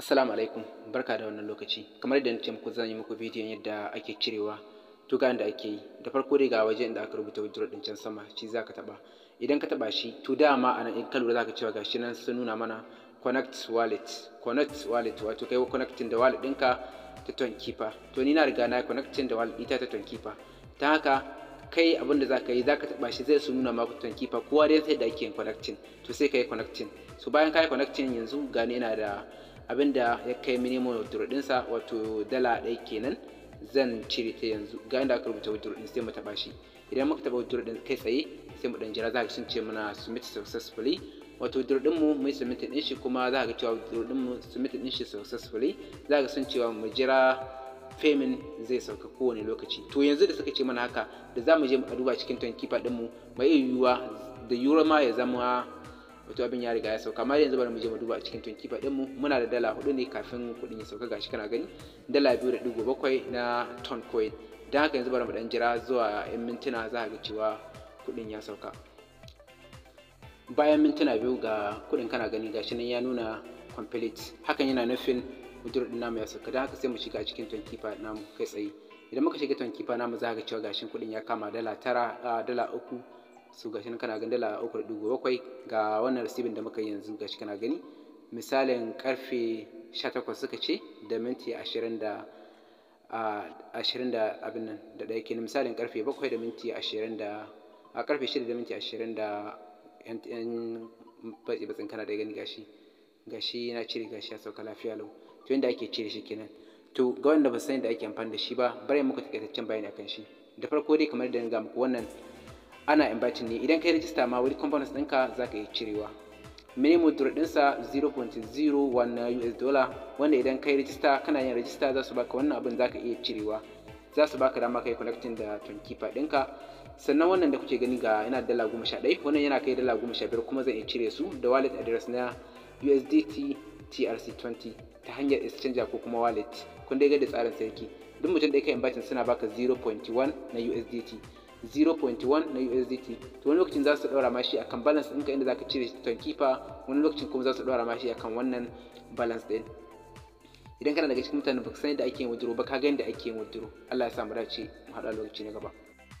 Assalamu alaikum barka da wannan lokaci kamar yadda nace muku zan yi muku bidiyon yadda ake cirewa tuga da ake yi da farko dai ga wajen da aka rubuta wajen din can sama shi zaka taba idan ka taba shi to dama anan in ka lura zaka cewa gashi nan sun nuna mana connect wallet connect wallet wato kai connecting da wallet ɗinka ta tonkifa to ni na riga na connecting da wallet ita ta tonkifa ta haka kai abinda za ka yi za ka taɓa shi zai su nuna maka ton kifa kowa dai sai da ake connecting to sai ka yi connecting so bayan ka yi connecting yanzu gani yana da abinda ya kai minimum withdrawal ɗinsa wato dala ɗaya kenan zan cire ta yanzu ga inda aka rubuta withdrawal ɗin sai mu taɓa shi idan muka taɓa withdrawal ɗin kai tsaye sai mu ɗan jira za ka sun ce muna submit successfully wato withdrawal ɗin mu mai submit ɗin shi kuma za ka cewa withdrawal ɗin mu submit ɗin shi successfully za ka sun cewa mu jira femin zai sauka kowane lokaci to yanzu da suka ce mana haka da za mu je mu duba cikin tonkifa mu mai yiwuwa da euro ma ya zama wato abin ya riga ya sauka amma yanzu bari mu je mu duba a cikin tunki din mu muna da dala hudu ne kafin kuɗin ya sauka gashi kana gani dala biyu da digo bakwai na ton coin don haka yanzu bari mu dan jira zuwa yan mintuna za ga cewa kuɗin ya sauka bayan mintuna biyu ga kuɗin kana gani gashi nan ya nuna complete hakan yana nufin din namu ya sauka don haka sai mu shiga cikin tunkifa namu kai tsaye idan muka shiga tunkifa namu za ga cewa gashin kuɗin ya kama dala tara ah, dala uku su gashi kana ganin dala uku da dubu bakwai ga wannan resibin da muka yi yanzu gashi kana gani misalin karfe 18 suka ce da minti 20 da ashirin da abin nan da ɗaya kenan misalin karfe bakwai da minti ashirin da a karfe shida da minti ashirin da yan yan batsi kana da gani gashi gashi na cire gashi ya sauka lafiya lau to yanda ake cire shi kenan to ga wanda ba san da ake amfani da shi ba bari muku takaitaccen bayani akan shi da farko dai kamar da na ga muku wannan ana inviting ne idan kai rijista ma wani components ɗinka za ka yi cirewa minimum dura ɗinsa 0.01 na US dollar wanda idan kai rijista kana yin rijista za su baka wannan abin za ka iya cirewa za su baka dama kai connecting da tonkipa ɗinka sannan wannan da kuke gani ga yana dala goma sha ɗaya wannan yana kai dala goma sha biyar kuma zan iya cire su da wallet address na USDT TRC20 ta hanyar exchanger ko kuma wallet kun dai ga da tsarin sarki duk mutum da ya kai suna baka 0.1 na USDT 0.1 na USDT to wani lokacin za su ɗora mashi kan balance ɗinka inda za ka cire ton kifa wani lokacin kuma za su ɗora mashi kan wannan balance ɗin idan kana daga cikin mutane ba ka san yadda ake yin wajiro ba ka ga yadda ake yin wajiro Allah ya sa mu dace mu haɗa lokaci na gaba